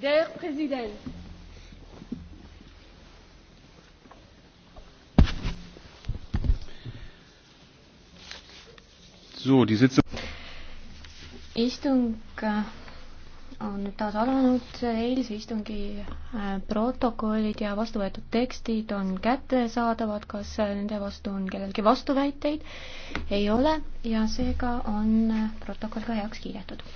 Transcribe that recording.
Der Präsident. So, die Sitzung. Istung äh, on nüüd taas alanud, eilse istungi äh, protokollid ja vastuvõetud tekstid on kättesaadavad, kas äh, nende vastu on kellelgi vastuväiteid? ei ole ja seega on protokoll ka heaks kiidetud.